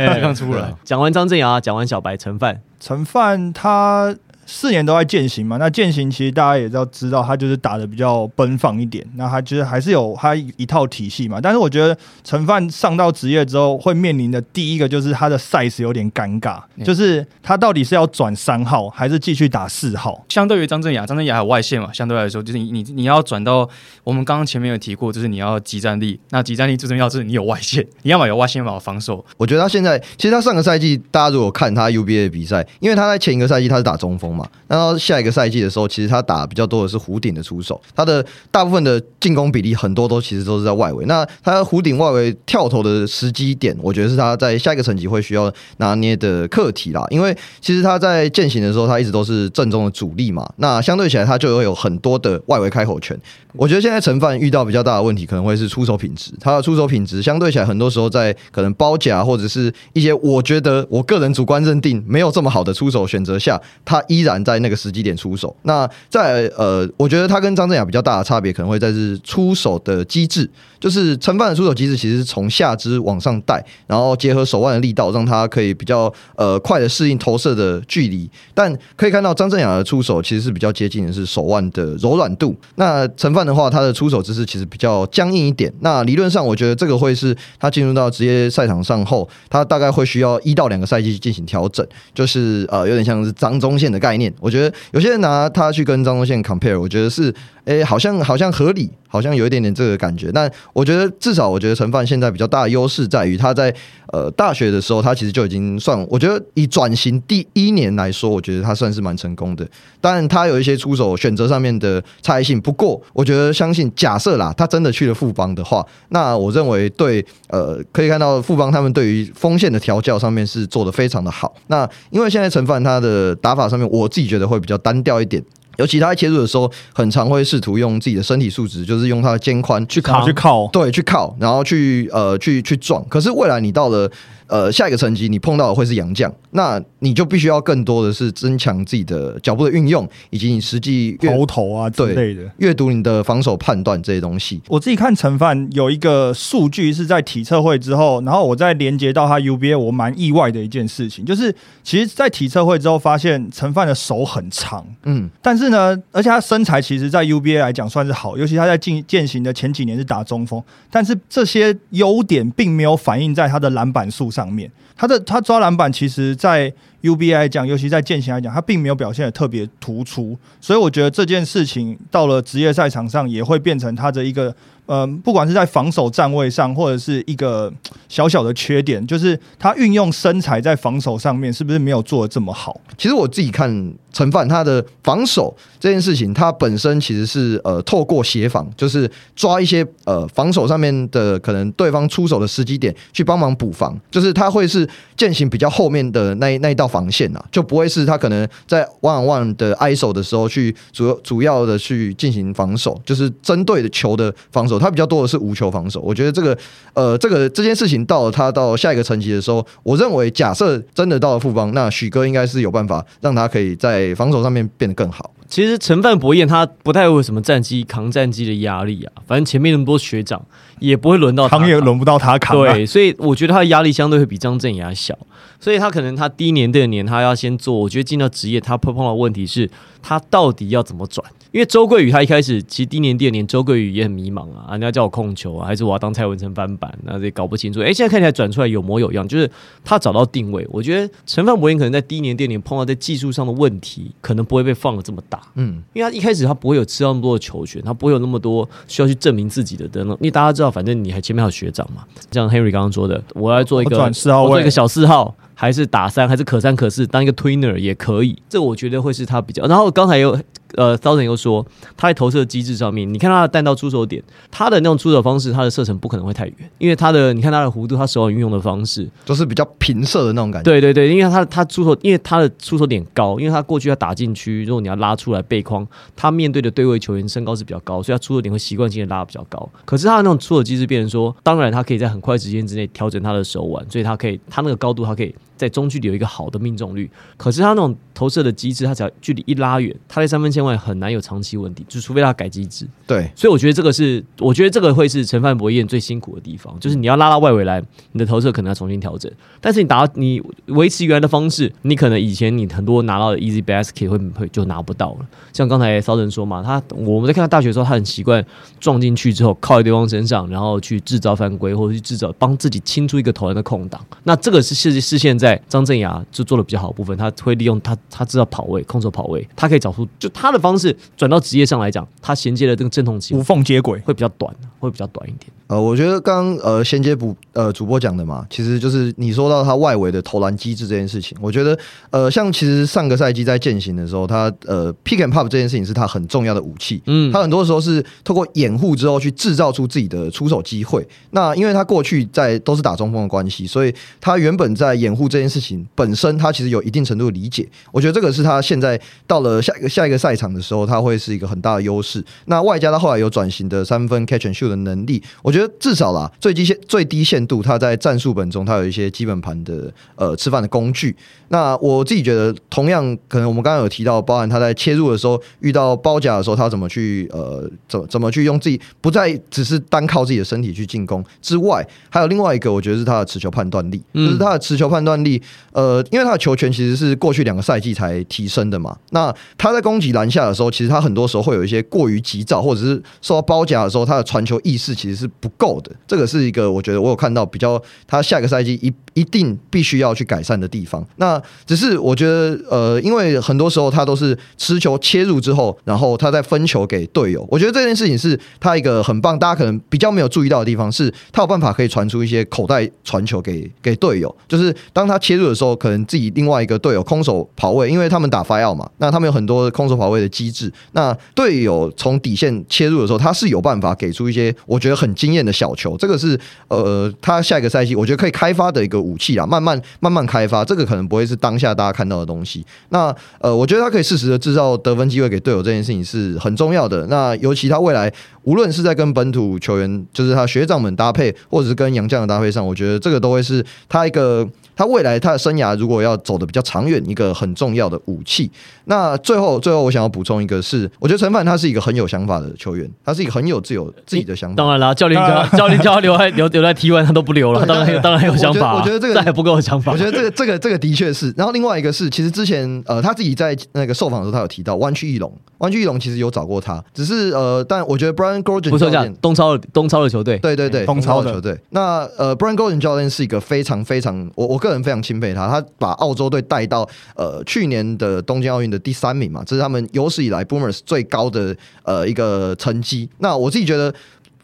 剛出、 [LAUGHS] 欸、來，來，講 [LAUGHS] 完張鎮衙，講完小白，陳范，陳范他。四年都在健行嘛，那健行其實大家也都知道，他就是打的比較奔放一點，那他其實還是有他一套體系嘛。但是我覺得陳范上到職業之後會面臨的第一個就是他的 size 有點尷尬，嗯、就是他到底是要轉三號還是繼續打四號？相對於張鎮衙，張鎮衙有外線嘛，相對來說就是你你，你要轉到我們剛剛前面有提過，就是你要集戰力，那集戰力最重要是你有外線，你要麼有外線要嘛，有外線要嘛防守。我覺得他現在其實他上個賽季大家如果看他 UBA 比賽，因為他在前一個賽季他是打中鋒嘛。那到下一個賽季的時候，其實他打比較多的是弧頂的出手，他的大部分的進攻比例很多都其實都是在外圍。那他弧頂外圍跳投的時機點，我覺得是他在下一個層級會需要拿捏的課題啦。因為其實他在健行的時候，他一直都是正宗的主力嘛。那相對起來，他就會有很多的外圍開口權。我覺得現在陳范遇到比較大的問題，可能會是出手品質。他的出手品質相對起來，很多時候在可能包夾或者是一些我覺得我個人主觀認定沒有這麼好的出手選擇下，他依然。在那個時機點出手。那在呃，我覺得他跟張鎮衙比較大的差別，可能會在是出手的機制。就是陳范的出手機制，其實是從下肢往上帶，然後結合手腕的力道，讓他可以比較呃快的適應投射的距離。但可以看到，張鎮衙的出手其實是比較接近的是手腕的柔軟度。那陳范的話，他的出手姿勢其實比較僵硬一點。那理論上，我覺得這個會是他進入到職業賽場上後，他大概會需要一到兩個賽季進行調整。就是呃，有點像是張宗憲的概念。我覺得有些人拿他去跟張宗憲 compare，我覺得是，誒、欸，好像好像合理。好像有一點點這個感覺，但我覺得至少，我覺得陳范現在比較大的優勢在於他在呃大學的時候，他其實就已經算，我覺得以轉型第一年來說，我覺得他算是蠻成功的。當然，他有一些出手選擇上面的差異性，不過我覺得相信，假設啦，他真的去了富邦的話，那我認為對呃可以看到富邦他們對於鋒線的調教上面是做得非常的好。那因為現在陳范他的打法上面，我自己覺得會比較單調一點。尤其他在切入的時候，很常會試圖用自己的身體素質，就是用他的肩寬去靠，去靠，對，去靠，然後去呃，去去撞。可是未來你到了。呃，下一個層級你碰到的會是洋將。那你就必須要更多的是增強自己的腳步的運用，以及你實際頭頭啊對，之類的閱讀你的防守判斷這些東西。我自己看陳范有一個數據是在體測會之後，然後我再連接到他 UBA，我蠻意外的一件事情，就是其實，在體測會之後發現陳范的手很長，嗯，但是呢，而且他身材其實，在 UBA 來講算是好，尤其他在進健行的前幾年是打中鋒，但是這些優點並沒有反映在他的籃板數上。上面，他的他抓籃板，其實在 UBI 講，尤其在劍行來講，他並沒有表現的特別突出，所以我覺得這件事情到了職業賽場上，也會變成他的一個。呃、嗯，不管是在防守站位上，或者是一個小小的缺點，就是他運用身材在防守上面是不是沒有做得這麼好？其實我自己看陳范他的防守這件事情，他本身其實是呃透過協防，就是抓一些呃防守上面的可能對方出手的時機點去幫忙補防，就是他會是進行比較後面的那那一道防線啊，就不會是他可能在 one on one 的 ISO 的時候去主要主要的去進行防守，就是針對的球的防守。他比較多的是無球防守，我覺得這個，呃，這個這件事情到了他到了下一個層級的時候，我認為假設真的到了富邦，那許哥應該是有辦法讓他可以在防守上面變得更好。其實陳范柏彥他不太會有什麼戰機扛戰機的壓力啊，反正前面那麼多學長也不會輪到他他，扛也輪不到他扛啊。對，所以我覺得他的壓力相對會比張鎮衙還小，所以他可能他第一年第二年他要先做。我覺得進到職業他碰到的問題是他到底要怎麼轉。因為周桂宇他一開始其實第一年第二年，周桂宇也很迷茫啊，人、啊、家叫我控球啊，還是我要當蔡文誠翻版，那、啊、也搞不清楚。哎，現在看起來轉出來有模有樣，就是他找到定位。我覺得陳范柏彥可能在第一年第二年碰到在技術上的問題，可能不會被放得這麼大。嗯，因為他一開始他不會有吃到那麼多的球權，他不會有那麼多需要去證明自己的。等等，因為大家知道，反正你還前面還有學長嘛，像 Henry 剛剛說的，我要做一個，做一個小四號，還是打三還是可三可四，當一個 tweener 也可以，這個我覺得會是他比較。然後剛才又呃，刀人又說他在投射機制上面，你看他的彈道出手點，他的那種出手方式，他的射程不可能會太遠，因為他的你看他的弧度，他手腕運用的方式都是比較平射的那種感覺。對對對，因為他的他出手，因為他的出手點高，因為他過去要打進去，如果你要拉出來背框，他面對的對位球員身高是比較高，所以他出手點會習慣性的拉得比較高。可是他的那種出手機制變成說，當然他可以在很快時間之內調整他的手腕，所以他可以他那個高度，他可以。在中距離有一個好的命中率，可是他那種投射的機制，他只要距離一拉遠，他在三分線外很難有長期穩定，就除非他改機制。對，所以我覺得這個是，我覺得這個會是陳范柏彥最辛苦的地方，就是你要拉到外圍來，你的投射可能要重新調整。但是你打你維持原來的方式，你可能以前你很多拿到的 easy basket 會會就拿不到了。像剛才騷人說嘛，他我們在看他大學的時候，他很習慣撞進去之後靠在對方身上，然後去制造犯規，或者去制造幫自己清出一個投籃的空檔。那這個是是是現在。張鎮衙就做的比較好的部分，他會利用他他知道跑位，控制跑位，他可以找出就他的方式轉到職業上來講，他銜接的這個陣痛期無縫接軌會比較短，會比較短一點。呃，我覺得剛剛呃銜接補呃主播講的嘛，其實就是你說到他外圍的投籃機制這件事情，我覺得呃像其實上個賽季在健行的時候，他呃 pick and pop 這件事情是他很重要的武器，嗯，他很多時候是透過掩護之後去製造出自己的出手機會。那因為他過去在都是打中鋒的關係，所以他原本在掩護這件事情本身，他其實有一定程度的理解。我覺得這個是他現在到了下一個下一個賽場的時候，他會是一個很大的優勢。那外加他後來有轉型的三分 catch and shoot 的能力，我覺得。就至少啦，最低限最低限度，它在戰術本中，它有一些基本盤的呃吃飯的工具。那我自己覺得，同樣可能我們剛剛有提到，包含他在切入的時候遇到包夾的時候，他怎麼去呃，怎麼怎麼去用自己不再只是單靠自己的身體去進攻之外，還有另外一個我覺得是他的持球判斷力，嗯，就是他的持球判斷力，呃，因為他的球權其實是過去兩個賽季才提升的嘛。那他在攻擊籃下的時候，其實他很多時候會有一些過於急躁，或者是受到包夾的時候，他的傳球意識其實是不夠的。這個是一個我覺得我有看到比較，他下個賽季一。一定必須要去改善的地方。那只是我覺得，呃，因為很多時候他都是持球切入之後，然後他再分球給隊友。我覺得這件事情是他一個很棒，大家可能比較沒有注意到的地方，是他有辦法可以傳出一些口袋傳球給給隊友。就是當他切入的時候，可能自己另外一個隊友空手跑位，因為他們打 fire 嘛，那他們有很多空手跑位的機制。那隊友從底線切入的時候，他是有辦法給出一些我覺得很驚豔的小球。這個是呃，他下一個賽季我覺得可以開發的一個。武器啊，慢慢慢慢開發，這個可能不會是當下大家看到的東西。那呃，我覺得他可以適時的製造得分機會給隊友，這件事情是很重要的。那尤其他未來無論是在跟本土球員，就是他學長們搭配，或者是跟洋將的搭配上，我覺得這個都會是他一個。他未來他的生涯如果要走的比較長遠，一個很重要的武器。那最後最後我想要補充一個是，是我覺得陳范他是一個很有想法的球員，他是一個很有自有自己的想法。當然啦，教練教教練教他留在留 [LAUGHS] 留在 T1 他都不留了，他當然當然有想法、啊我。我覺得這個這還不夠的想法。我覺得這個這個這個的確是。然後另外一個是，其實之前呃他自己在那個受訪的時候，他有提到灣區翼龍，灣區翼龍其實有找過他，只是呃但我覺得 Brian Goorjian 不是講東超的東超的球隊，對對對，東超的球隊。球隊那呃 Brian Goorjian 教練是一個非常非常我我個人非常欽佩他，他把澳洲隊帶到呃去年的東京奧運的第三名嘛，這是他們有史以來 Boomers 最高的呃一個成績。那我自己覺得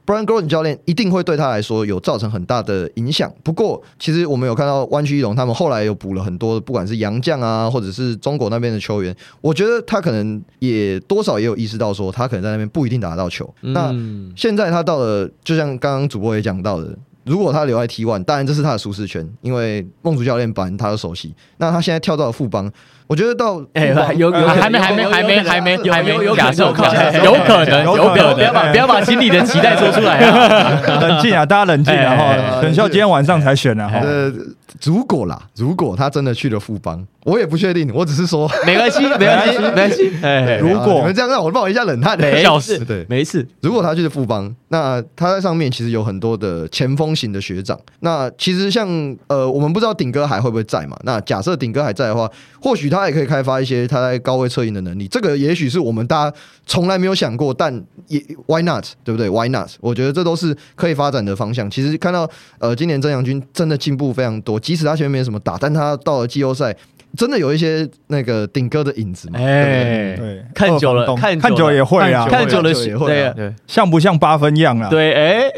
，Brian Gordon 教練一定會對他來說有造成很大的影響。不過，其實我們有看到灣區一龍他們後來又補了很多，不管是洋將啊，或者是中國那邊的球員。我覺得他可能也多少也有意識到，說他可能在那邊不一定打得到球。嗯、那現在他到了，就像剛剛主播也講到的。如果他留在 T1，當然這是他的舒適圈，因為孟竹教練班他都熟悉。那他現在跳到了富邦。我覺得到誒，有有還沒還沒還沒還沒還沒有可能，有可能，有可能，不要把不要把心裡的期待說出來，冷靜啊，大家冷靜啊，等一下今天晚上才選啊。呃，如果啦，如果他真的去了富邦，我也不確定，我只是說，沒關係，沒關係，沒關係。哎，如果你們這樣，讓我冒一下冷汗，沒事，對，沒事。如果他去了富邦，那他在上面其實有很多的前鋒型的學長。那其實像呃，我們不知道鼎哥還會不會在嘛？那假設鼎哥還在的話，或許他。他也可以開發一些他在高位策應的能力，這個也許是我們大家從來沒有想過，但也 Why not？對不對？Why not？我覺得這都是可以發展的方向。其實看到呃，今年曾祥鈞真的進步非常多，即使他前面沒什麼打，但他到了季後賽。真的有一些那個頂哥的影子嘛。哎，對，看久了，看看久了也會啊，看久了也會，對，像不像八分一樣啊？對，哎，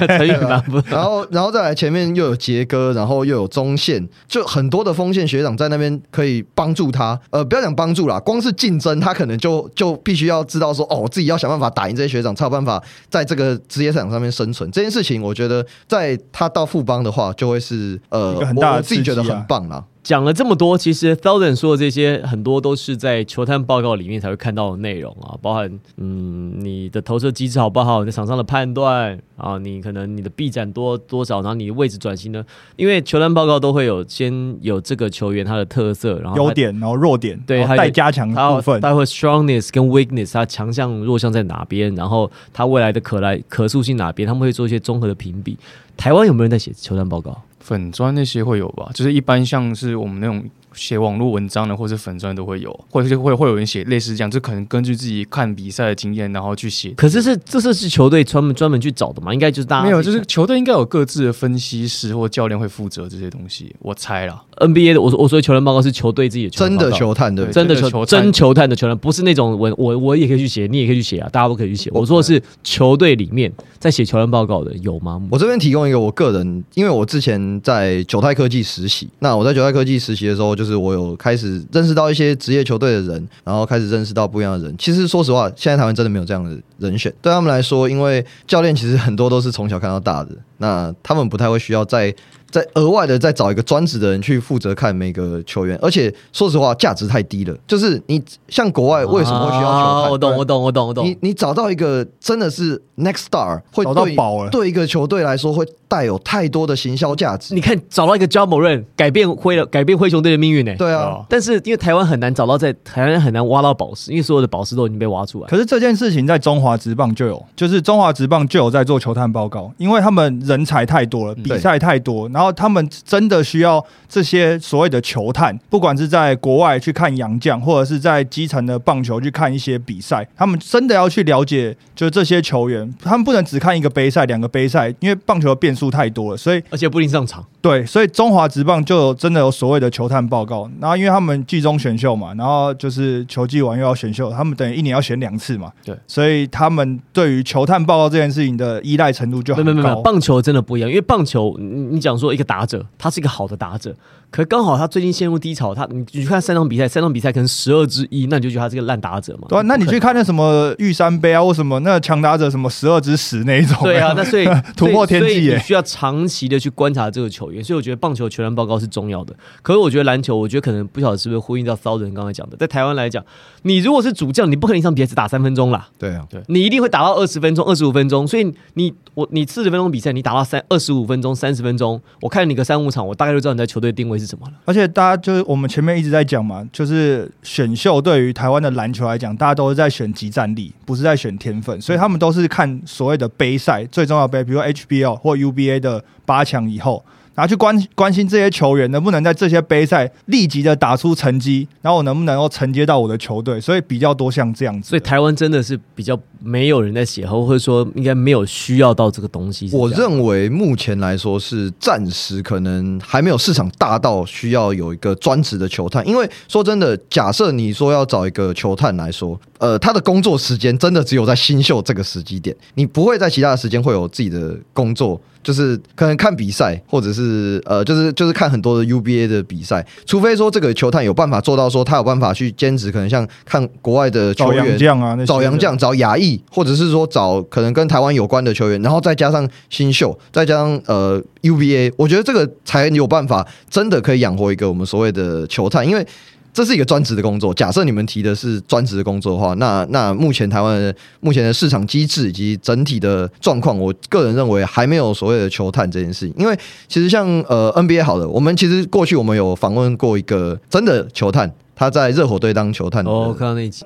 成語然後，然後再來前面又有杰哥，然後又有中線，就很多的鋒線學長在那邊可以幫助他。呃，不要講幫助啦，光是競爭，他可能就就必須要知道說，哦，自己要想辦法打贏這些學長，才有辦法在這個職業賽場上面生存。這件事情，我覺得在他到富邦的話，就會是呃，我自己覺得很棒啦。講了這麼多，其實 thousand 說的這些很多都是在球探報告裡面才會看到的內容啊，包含嗯你的投射機制好不好，你的場上的判斷啊，你可能你的臂展多多少，然後你的位置轉型呢？因為球探報告都會有，先有這個球員他的特色，然後優點，然後弱點，對，待加強的部分，待會 strongness 跟 weakness，他強項弱項在哪邊，然後他未來的可來可塑性哪邊，他們會做一些綜合的評比。台灣有沒有人在寫球探報告？粉專那些會有吧，就是一般像是我們那種。寫網絡文章的或者粉專都會有，或者就會會，會有人寫類似這樣，就可能根據自己看比賽的經驗，然後去寫。可是是這是球隊專門專門去找的嗎？應該就是大家沒有，就是球隊應該有各自的分析師或教練會負責這些東西。我猜啦 NBA 的，我我說的球員報告是球隊自己的球，真的球探的，對真的球對真的球，球探的球員，不是那種文我我我也可以去寫，你也可以去寫啊，大家都可以去寫。Okay. 我說的是球隊裡面在寫球員報告的有嗎？我這邊提供一個，我個人因為我之前在九泰科技實習，那我在九泰科技實習的時候就是我有開始認識到一些職業球隊的人，然後開始認識到不一樣的人。其實說實話，現在台灣真的沒有這樣的人選。對他們來說，因為教練其實很多都是從小看到大的，那他們不太會需要再。在額外的再找一個專職的人去負責看每個球員，而且說實話價值太低了。就是你像國外為什麼會需要球探、啊、你我懂，我懂，我懂，我懂。你你找到一個真的是 Next Star，會找到寶了。對一個球隊來說，會帶有太多的行銷價值。你看找到一個 Ja Morant，改變灰了，改變灰熊隊的命運呢、欸？對啊，但是因為台灣很難找到，在台灣很難挖到寶石，因為所有的寶石都已經被挖出來。可是這件事情在中華職棒就有，就是中華職棒就有在做球探報告，因為他們人才太多了，嗯、比賽太多，對然後他們真的需要這些所謂的球探，不管是在國外去看洋將，或者是在基層的棒球去看一些比賽，他們真的要去了解，就是這些球員，他們不能只看一個杯賽、兩個杯賽，因為棒球的變數太多了，所以而且不一定上場。對，所以中華職棒就真的有所謂的球探報告。然後因為他們季中選秀嘛，然後就是球季完又要選秀，他們等於一年要選兩次嘛。對，所以他們對於球探報告這件事情的依賴程度就很高。棒球真的不一樣，因為棒球你你講說。一個打者，他是一個好的打者，可是剛好他最近陷入低潮。他你去看三場比賽，三場比賽可能十二之一，1, 那你就覺得他是個爛打者嘛？對啊。那你去看那什麼玉山杯啊，或什麼那強打者什麼十二之十那一種啊。對啊，那所以 [LAUGHS] 突破天際。也你需要長期的去觀察這個球員。所以我覺得棒球球員報告是重要的。可是我覺得籃球，我覺得可能不曉得是不是呼應到騷人剛才講的，在台灣來講，你如果是主將，你不可能一場比賽只打三分鐘啦。對啊，對。你一定會打到二十分鐘、二十五分鐘。所以你我你四十分鐘比賽，你打到三二十五分鐘、三十分鐘。我看你個三五場，我大概就知道你在球隊定位是什麼了。而且大家就是我們前面一直在講嘛，就是選秀對於台灣的籃球來講，大家都是在選即戰力，不是在選天分，所以他們都是看所謂的杯賽最重要的杯，比如 HBL 或 UBA 的八強以後，然後去關關心這些球員能不能在這些杯賽立即的打出成績，然後我能不能夠承接到我的球隊，所以比較多像這樣子。所以台灣真的是比較。沒有人在寫，或者說應該沒有需要到這個東西。我認為目前來說是暫時可能還沒有市場大到需要有一個專職的球探。因為說真的，假設你說要找一個球探來說，呃，他的工作時間真的只有在新秀這個時機點，你不會在其他的時間會有自己的工作，就是可能看比賽，或者是呃，就是就是看很多的 UBA 的比賽，除非說這個球探有辦法做到說他有辦法去兼職，可能像看國外的球員找洋將啊，那些找洋將、找牙醫。或者是說找可能跟台灣有關的球員，然後再加上新秀，再加上呃 UBA，我覺得這個才有辦法真的可以養活一個我們所謂的球探，因為這是一個專職的工作。假設你們提的是專職的工作的話，那那目前台灣的目前的市場機制以及整體的狀況，我個人認為還沒有所謂的球探這件事情。因為其實像呃 NBA 好了，我們其實過去我們有訪問過一個真的球探。他在熱火隊當球探的時候，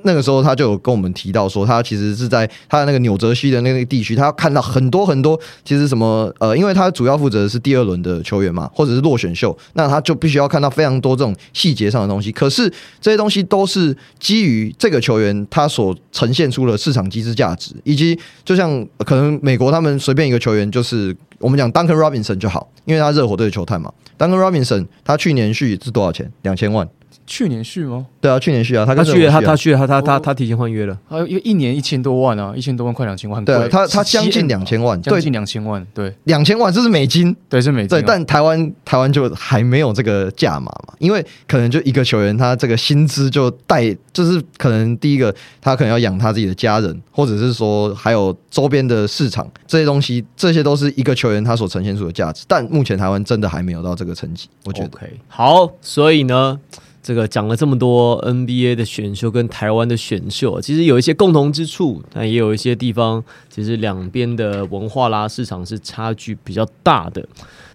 那個時候他就有跟我們提到說，他其實是在他的那個紐澤西的那個地區，他要看到很多很多，其實什麼呃，因為他主要負責的是第二輪的球員嘛，或者是落選秀，那他就必須要看到非常多這種細節上的東西。可是這些東西都是基於這個球員他所呈現出的市場機制價值，以及就像可能美國他們隨便一個球員，就是我們講 Duncan Robinson 就好，因為他熱火隊的球探嘛，Duncan Robinson 他去年續是多少錢？兩千萬。去年續嗎？對啊，去年續啊，他跟啊他去他他去他他他他提前換約了，因為一年一千多萬啊，一千多萬快兩千萬，對、啊、他他將近兩千萬，將近兩千萬，對，兩千萬,萬這是美金，對是美金、啊、對，但台灣台灣就還沒有這個價碼嘛,嘛，因為可能就一個球員他這個薪資就帶，就是可能第一個他可能要養他自己的家人，或者是說還有周邊的市場這些東西，這些都是一個球員他所呈現出的價值，但目前台灣真的還沒有到這個成績可以我覺得，Okay. 好，所以呢。這個講了這麼多 NBA 的選秀跟台灣的選秀，其實有一些共同之處，但也有一些地方，其實兩邊的文化啦、市場是差距比較大的。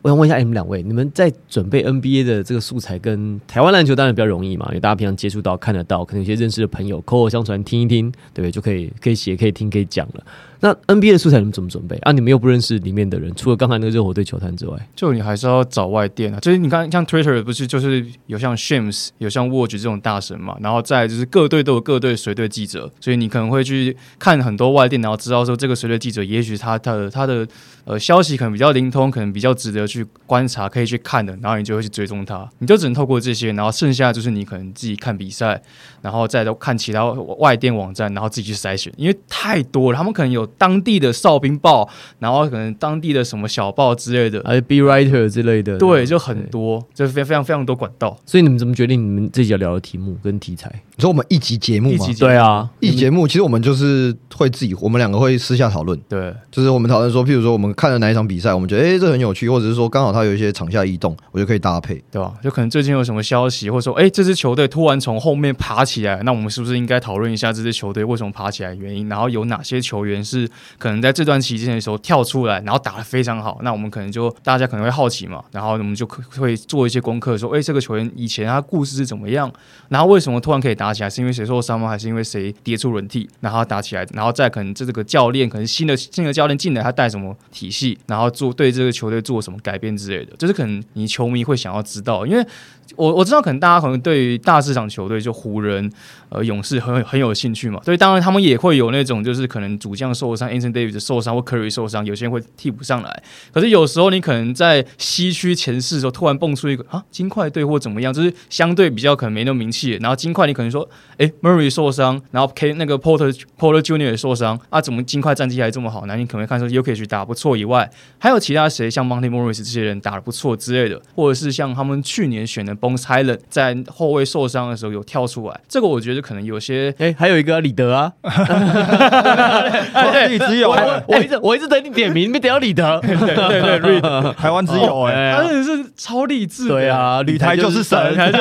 我想問一下，你們兩位，你們在準備 NBA 的這個素材跟，跟台灣籃球當然比較容易嘛，因為大家平常接觸到、看得到，可能有些認識的朋友口口相傳、聽一聽，對不對？就可以可以寫、可以聽、可以講了。那 NBA 的素材你們怎麼準備啊？你們又不認識裡面的人，除了剛才那個熱火隊球探之外，就你還是要找外電啊。就是你看，像 Twitter 不是就是有像 Shams、有像 Woj 這種大神嘛，然後再就是各隊都有各隊隨隊記者，所以你可能會去看很多外電，然後知道說這個隨隊記者，也許他的、他、的他的。他的呃，消息可能比較靈通，可能比較值得去觀察，可以去看的，然後你就會去追蹤它。你就只能透過這些，然後剩下就是你可能自己看比賽，然後再都看其他外電網站，然後自己去篩選，因為太多了。他們可能有當地的哨兵報，然後可能當地的什麼小報之類的，還有 B writer 之類的，對，對，就很多，對就非非常非常多管道。所以你們怎麼決定你們自己要聊的題目跟題材？你說我們一集節目嗎？一集節目對啊，一節目們其實我們就是會自己，我們兩個會私下討論，對，就是我們討論說，譬如說我們。看了哪一場比賽，我們覺得誒、欸，這很有趣，或者是說剛好他有一些場下異動，我就可以搭配，對吧、啊？就可能最近有什麼消息，或者說誒、欸，這支球隊突然從後面爬起來，那我們是不是應該討論一下這支球隊為什麼爬起來的原因？然後有哪些球員是可能在這段期間的時候跳出來，然後打得非常好？那我們可能就大家可能會好奇嘛，然後我們就會做一些功課，說、欸、誒，這個球員以前他故事是怎麼樣？然後為什麼突然可以打起來？是因為誰受傷嗎？還是因為誰跌出輪替，然後打起來？然後再可能這這個教練可能新的新的教練進來，他帶什麼？體系，然後做，對這個球隊做什麼改變之類的，就是可能你球迷會想要知道，因為。我我知道，可能大家可能對於大市場球隊，就湖人、呃勇士很很有興趣嘛。所以當然他們也會有那種，就是可能主將受傷，Anthony Davis 受傷或 Curry 受傷，有些人會替補上來。可是有時候你可能在西區前四的時候，突然蹦出一個啊金塊隊或怎麼樣，就是相對比較可能沒那麼名氣。然後金塊你可能說，誒、欸、Murray 受傷，然後 K 那個 Porter Porter Junior 也受傷啊，怎麼金塊戰績還這麼好？那你可能看說 Jokic 打不錯以外，還有其他誰像 Monte Morris 這些人打得不錯之類的，或者是像他們去年選的。b o n n y Allen 在後衛受傷的時候有跳出來，這個我覺得可能有些誒，還有一個李德啊，哈哈哈我自己只有我，一直我一直等你點名，你沒點到李德，對對對，李德，台灣之友誒，他真的是超勵志，對啊，旅台就是神，對，旅台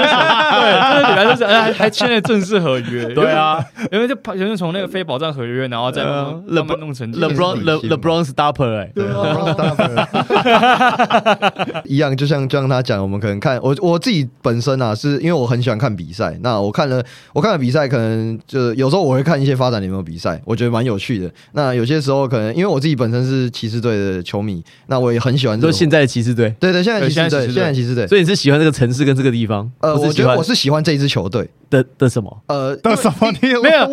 就是神，還簽了正式合約，對啊，因為就從那個非保障合約，然後再慢慢弄成 LeBron，LeBron Stopper 誒對 LeBron Stopper 一樣，就像就像他講，我們可能看我我自己。本身啊，是因為我很喜歡看比賽。那我看了，我看了比賽，可能就有時候我會看一些發展聯盟比賽，我覺得蠻有趣的。那有些時候可能因為我自己本身是騎士隊的球迷，那我也很喜歡。就現在的騎士隊，對對，現在的騎士隊，現在的騎士隊。士隊。所以你是喜歡這個城市跟這個地方？呃，我覺得我是喜歡這一支球隊。的的什麼？呃，的什麼？你沒有，的冷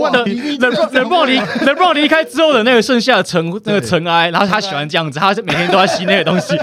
冷布朗離冷布朗離開之後的那個剩下的塵那個塵埃，然後他喜歡這樣子，他是每天都在吸那個東西。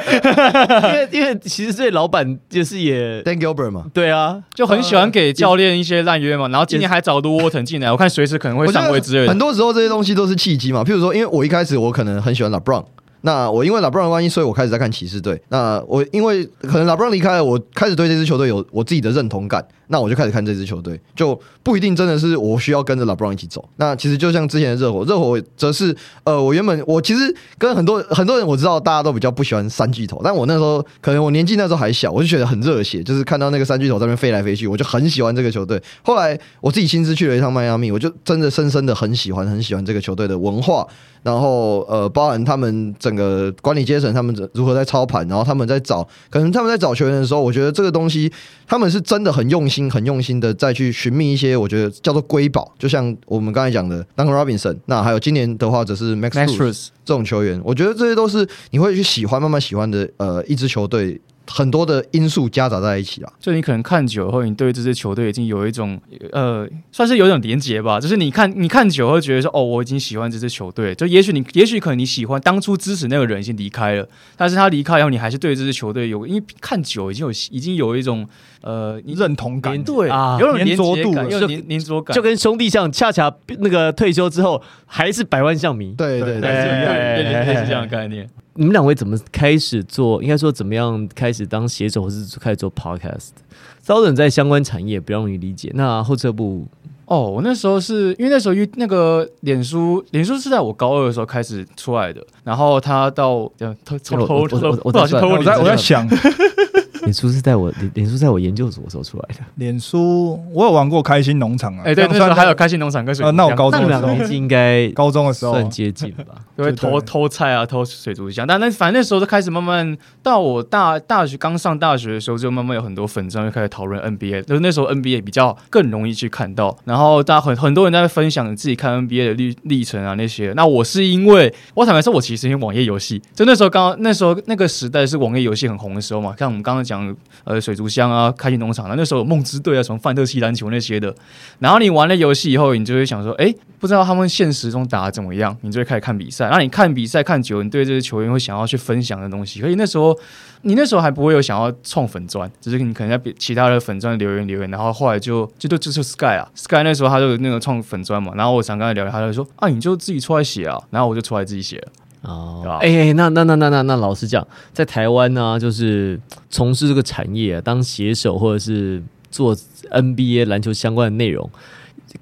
因為因為其實這老闆就是也 Dan Gilbert 嘛，對啊，就很喜歡給教練一些爛約嘛，然後今天還找多沃騰進來，我看隨時可能會上位之類的。很多時候這些東西都是契機嘛，譬如說，因為我一開始我可能很喜歡老布朗。那我因為 LeBron 的關係，所以我開始在看騎士隊。那我因為可能 LeBron 離開了，我開始對這支球隊有我自己的認同感。那我就開始看這支球隊，就不一定真的是我需要跟着 LeBron 一起走。那其實就像之前的熱火，熱火則是呃，我原本我其實跟很多很多人我知道大家都比較不喜歡三巨頭，但我那時候可能我年紀那時候還小，我就覺得很熱血，就是看到那個三巨頭在那邊飛來飛去，我就很喜歡這個球隊。後來我自己親自去了一趟邁阿密，我就真的深深的很喜歡很喜歡這個球隊的文化。然後，呃，包含他們整個管理階層，他們如何在操盤，然後他們在找，可能他們在找球員的時候，我覺得這個東西，他們是真的很用心，很用心的再去尋覓一些，我覺得叫做瑰寶，就像我們剛才講的 Duncan Robinson，那還有今年的話 Max Strus, Max Strus，則是 Max Strus 這種球員，我覺得這些都是你會去喜歡，慢慢喜歡的，呃，一支球隊。很多的因素夾雜在一起了，就你可能看久後，你對這支球隊已經有一種呃，算是有一種連結吧。就是你看，你看久後覺得說，哦，我已經喜歡這支球隊。就也許你，也許可能你喜歡當初支持那個人已經離開了，但是他離開後，你還是對這支球隊有，因為看久已經有，已經有一種呃認同感，對，有種連結度，有黏着感，就跟兄弟象，恰恰那個退休之後還是百萬象迷，對對，對是這樣的概念。你們兩位怎麼開始做？應該說怎麼樣開始當寫手，或是開始做 podcast？稍等，在相關產業不容易理解。那後撤步哦，我那時候是因為那時候那個臉書，臉書是在我高二的時候開始出來的，然後他到偷、啊啊，我我我我我我，我，我在想。 [LAUGHS] 臉書是在我臉臉書在我研究所時候出來的。臉書我有玩過開心農場啊，哎、欸、對，當時還有開心農場跟水呃，那我高中兩個年紀中應該高中的時候更接近吧，因為偷偷菜啊、偷水族箱，但那反正那時候就開始慢慢到我大大學剛上大學的時候，就慢慢有很多粉專，就開始討論 NBA，就是那時候 NBA 比較更容易去看到，然後大家很很多人在分享自己看 NBA 的歷歷程啊那些。那我是因為我坦白說，我其實是因為網頁遊戲，就那時候剛那時候那個時代是網頁遊戲很紅的時候嘛，像我們剛剛講。像呃、啊、水族箱啊、開心農場啊，那時候夢之隊啊，什麼范特西籃球那些的。然後你玩了遊戲以後，你就會想說，哎，不知道他們現實中打的怎麼樣？你就會開始看比賽。然後你看比賽看久了，你對這些球員會想要去分享的東西。所以那時候，你那時候還不會有想要創粉專，只，就是你可能在人家其他的粉專留言留言。然後後來就就就就，就 sky 啊 sky 那時候他就那個創粉專嘛。然後我想跟他聊聊，他就說啊，你就自己出來寫啊。然後我就出來自己寫了。哦，哎、oh, 吧欸，那那那那那那，老實講，在台灣呢，就是從事這個產業，當寫手或者是做 NBA 籃球相關的內容。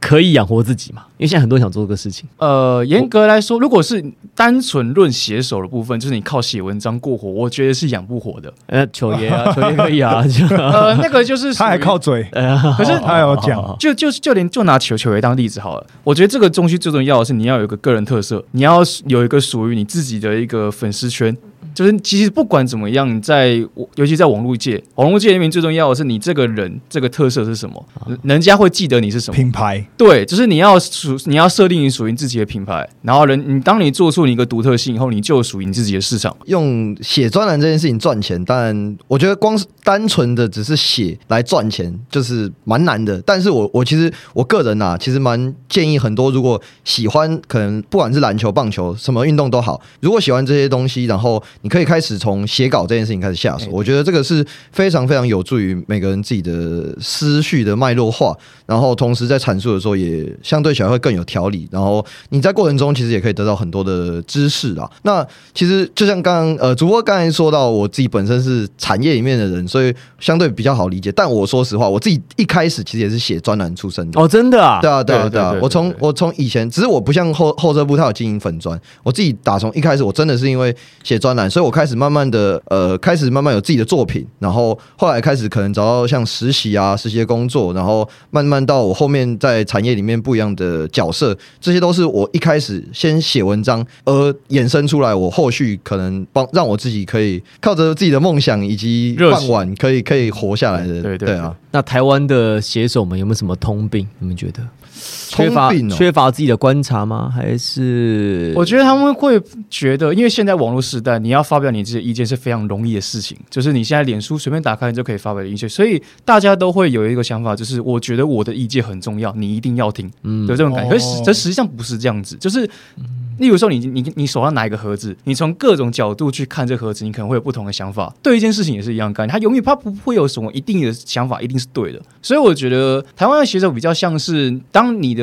可以養活自己嘛？因為現在很多人想做這個事情。呃，嚴格來說，我如果是單純論寫手的部分，就是你靠寫文章過活，我覺得是養不活的。呃，球爺啊，球爺、啊、 [LAUGHS] 可以啊， [LAUGHS] 呃那個就是他還靠嘴，哎、呀可是他要講，就就就連就拿球球爺當例子好了。 [LAUGHS] 我覺得這個東西最重要的是你要有一個個人特色，你要有一個屬於你自己的一個粉絲圈。嗯就是其實不管怎麼樣，在我尤其在網絡界，網絡界裡面最重要的是你這個人這個特色是什麼，人家會記得你是什麼品牌。對，就是你要屬你要設定你屬於自己的品牌，然後人你當你做出你一個獨特性以後，你就屬於你自己的市場。用寫專欄這件事情賺錢，當然我覺得光是單純的只是寫來賺錢就是蠻難的。但是我我其實我個人吶、啊，其實蠻建議很多，如果喜歡可能不管是籃球、棒球什麼運動都好，如果喜歡這些東西，然後。你可以開始從寫稿這件事情開始下手，我覺得這個是非常非常有助於每個人自己的思緒的脈絡化。然後同時在闡述的時候也相對起來會更有條理。然後你在過程中其實也可以得到很多的知識啊。那其實就像剛剛呃，主播剛才說到，我自己本身是產業裡面的人，所以相對比較好理解。但我說實話，我自己一開始其實也是寫專欄出身的。哦，真的啊？對啊，對啊，對啊。對對對，我從我從以前，只是我不像後後設部，他有經營粉專，我自己打從一開始，我真的是因為寫專欄，所以我開始慢慢的，呃，開始慢慢有自己的作品，然後後來開始可能找到像實習啊、實習的工作，然後慢慢，到我後面在產業裡面不一樣的角色，這些都是我一開始先寫文章，而衍生出來，我後續可能幫讓我自己可以靠着自己的夢想以及飯碗可以，熱情，可以可以活下來的，對對，對，對，對啊。那台灣的寫手們有沒有什麼通病？你們覺得？缺乏缺乏自己的觀察嗎？還是，還是我覺得他們會覺得，因為現在網絡時代，你要發表你自己的意見是非常容易的事情，就是你現在臉書隨便打開，你就可以發表的意見，所以大家都會有一個想法，就是我覺得我的意見很重要，你一定要聽，有、嗯、這種感覺。哦、可是實這實際上不是這樣子，就是，例如說你你你手上拿一個盒子，你從各種角度去看這盒子，你可能會有不同的想法。對一件事情也是一樣概念，他永遠怕不會有什麼一定的想法，一定是對的。所以我覺得台灣的寫手比較像是當。你的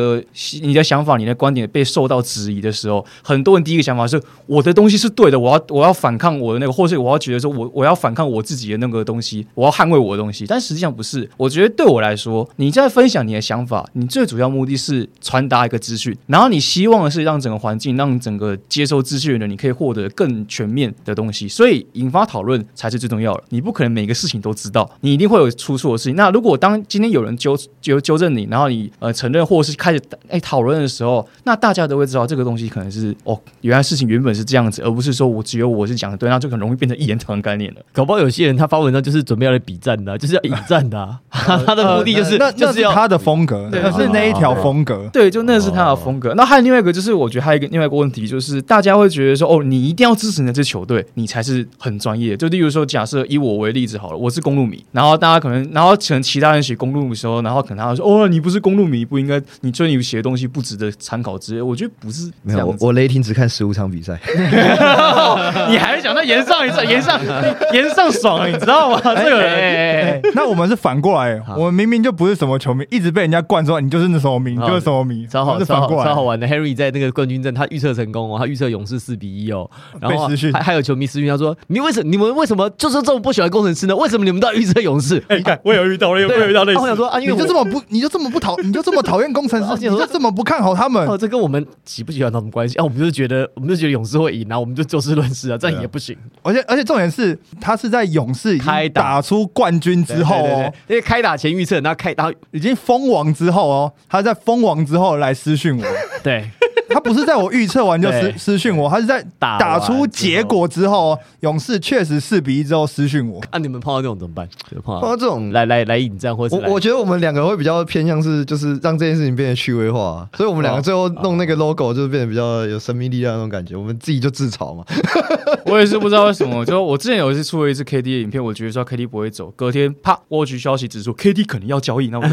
你的想法，你的觀點被受到質疑的時候，很多人第一個想法是：我的東西是對的，我要我要反抗我的那個，或者是我要覺得說我，我我要反抗我自己的那個東西，我要捍衛我的東西。但實際上不是。我覺得對我來說，你在分享你的想法，你最主要目的是傳達一個資訊，然後你希望的是讓整個環境、讓整個接收資訊的人，你可以獲得更全面的東西。所以引發討論才是最重要的。你不可能每一個事情都知道，你一定會有出錯的事情。那如果當今天有人糾糾糾正你，然後你呃承認或或是開始哎討論的時候，那大家都會知道這個東西可能是哦，原來事情原本是這樣子，而不是說我只有我是講的對，那就很容易變成一言堂概念了。搞不好有些人他發文章就是準備要來比戰的，就是要引戰的，他的目的就是那那是他的風格，那是那一條風格，對，就那是他的風格。那還有另外一個，就是我覺得還有一個另外一個問題，就是大家會覺得說哦，你一定要支持那支球隊，你才是很專業。就例如說，假設以我為例子好了，我是公路迷，然後大家可能，然後請其他人寫公路的時候，然後可能他說哦，你不是公路迷，不應該。你最近寫東西不值得參考之類，我覺得不是。沒有我雷霆只看十五場比賽，你還講那嚴上，嚴上，延上爽，你知道嗎？這個人，那我們是反過來，我們明明就不是什麼球迷，一直被人家灌輸，你就是那什麼迷，就是什麼迷，超好超好玩的。Henry 在那個冠軍戰，他預測成功哦，他預測勇士四比一哦。然後還還有球迷私訊他說，你為什你們為什麼就是這麼不喜歡工程師呢？為什麼你們都要預測勇士？你看我有遇到，我有遇到類似。我想說啊，因為你就這麼不，你就這麼不討，你就這麼討厭。工程師，你說這麼不看好他們，哦、這跟我們喜不喜歡他們有什麼關係？啊，我們就是覺得，我們就覺得勇士會贏，然後我們就就事論事啊，這樣也不行，啊。而且，而且重點是，他是在勇士已經打出冠軍之後、哦、對對對，因為開打前預測，那開打已經封王之後哦，他在封王之後來私訊我，對。 [LAUGHS] 他不是在我預測完就私私訊我，對他是在打打出結果之後，之後勇士確實四比一之後私訊我。那、啊、你們碰到這種怎麼辦？碰到這種、嗯、來來來引戰或者……我我覺得我們兩個會比較偏向是，就是讓這件事情變得趣味化、啊，所以我們兩個最後弄那個 logo 就變得比較有神秘力量的那種感覺。我們自己就自嘲嘛。 [LAUGHS] 我也是不知道為什麼，就我之前有一次出了一次 KD 的影片，我覺得說 KD 不會走，隔天啪，我舉消息指出 KD 肯定要交易。那我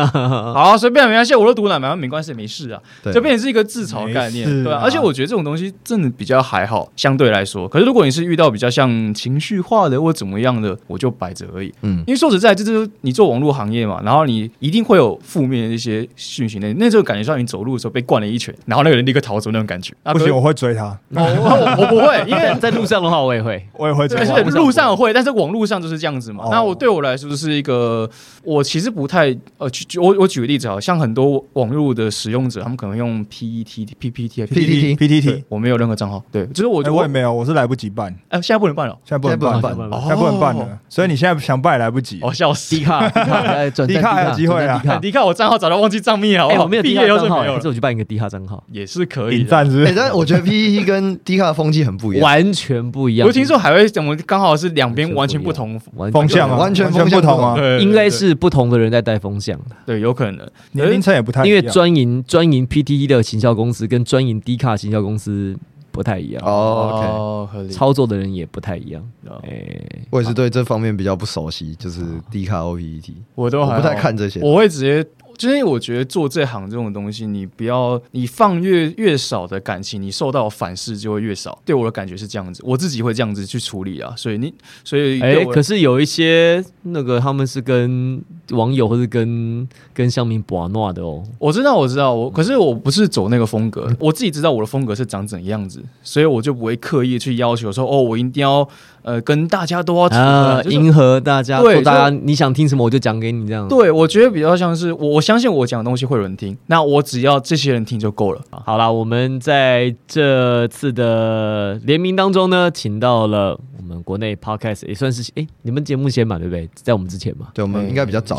[LAUGHS] 好隨、啊、便、啊、沒關係，我都賭了沒關係沒事啊，就變成是一個自嘲。好概念、啊、對、啊，而且我覺得這種東西真的比較還好，相對來說。可是如果你是遇到比較像情緒化的或怎麼樣的，我就擺着而已。嗯，因為說實在，這就是你做網絡行業嘛，然後你一定會有負面的一些訊息，那那時候感覺像你走路的時候被灌了一拳，然後那個人立刻逃走那種感覺。啊，不行，那個、我會追他、哦我。我不會，因為在路上的話我也會，我也會追，但是對對路上我會，但是網絡上就是這樣子嘛。哦、那我對我來說就是一個，我其實不太呃，我我舉個例子啊，像很多網絡的使用者，他們可能用 PTT。PPT，PPT，PTT，我沒有任何賬號。對，其實我覺得我也沒有，我是來不及辦。哎，現在不能辦了，現在不能辦了，現在不能辦了，所以你現在想辦也來不及。我下午迪卡，迪卡還有機會啊，迪卡，我賬號早就忘記賬密了。哦，我沒有迪卡賬號，這次我去辦一個迪卡賬號也是可以。點贊，是，但我覺得 PTT 跟迪卡的風氣很不一樣，完全不一樣。我聽說海外怎麼剛好是兩邊完全不同方向，完全不同啊？應該是不同的人在帶風向。對，有可能年齡層也不太，因為專營專營 PTT 的行銷公司。跟專營低卡行銷公司不太一樣哦，操作的人也不太一樣。Oh. 欸、我也是對這方面比較不熟悉，就是低卡 O P E T，我都我不太看這些。我會直接，就是因為我覺得做這行這種東西，你不要你放越越少的感情，你受到反噬就會越少。對我的感覺是這樣子，我自己會這樣子去處理啊。所以你，所以哎、欸，可是有一些那個他們是跟。網友或是跟跟鄉民八諾的哦、喔，我知，我知道，我知道，我可是我不是走那個風格，嗯、我自己知道我的風格是長怎樣子，所以我就不會刻意去要求說哦，我一定要呃跟大家都要啊、就是、迎合大家，對大家以你想聽什麼我就講給你這樣，對，我覺得比較像是我我相信我講的東西會有人聽，那我只要這些人聽就夠了。好啦，我們在這次的聯名當中呢，請到了我們國內 podcast 也、欸、算是哎、欸、你們節目先吧對不對，在我們之前嘛，對，我們應該比較早。嗯嗯學長，學長，學長，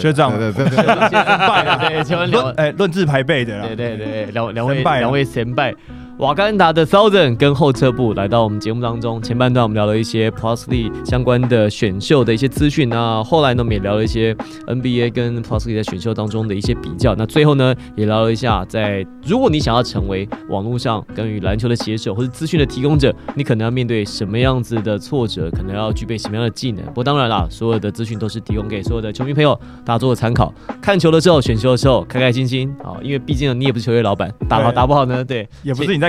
學長，對對對，學長輩，論字論資排輩的，對對對，兩兩位拜，兩位前輩。瓦甘達的 FourPlay 跟後撤步來到我們節目當中。前半段我們聊了一些 P. LEAGUE 相關的選秀的一些資訊啊，後來呢我們也聊了一些 NBA 跟 P. LEAGUE 在選秀當中的一些比較。那最後呢也聊了一下，在如果你想要成為網絡上關於籃球的寫手或者資訊的提供者，你可能要面對什麼樣子的挫折，可能要具備什麼樣的技能。不過當然啦，所有的資訊都是提供給所有的球迷朋友，大家做個參考。看球的時候，選球的時候，開開心心啊，因為畢竟你也不是球隊老闆，打好打不好呢，對，也不是你在。啊、也不是太扛，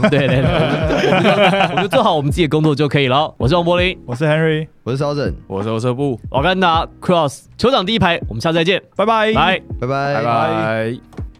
[LAUGHS] 對對對 [LAUGHS] 我我，我們就做好我們自己的工作就可以了。我是王博麟，我是 Henry，我是肖振，我是我說布，瓦甘達 cross 球場第一排，我們下次再見，拜拜 bye，來拜拜拜拜。Bye bye bye bye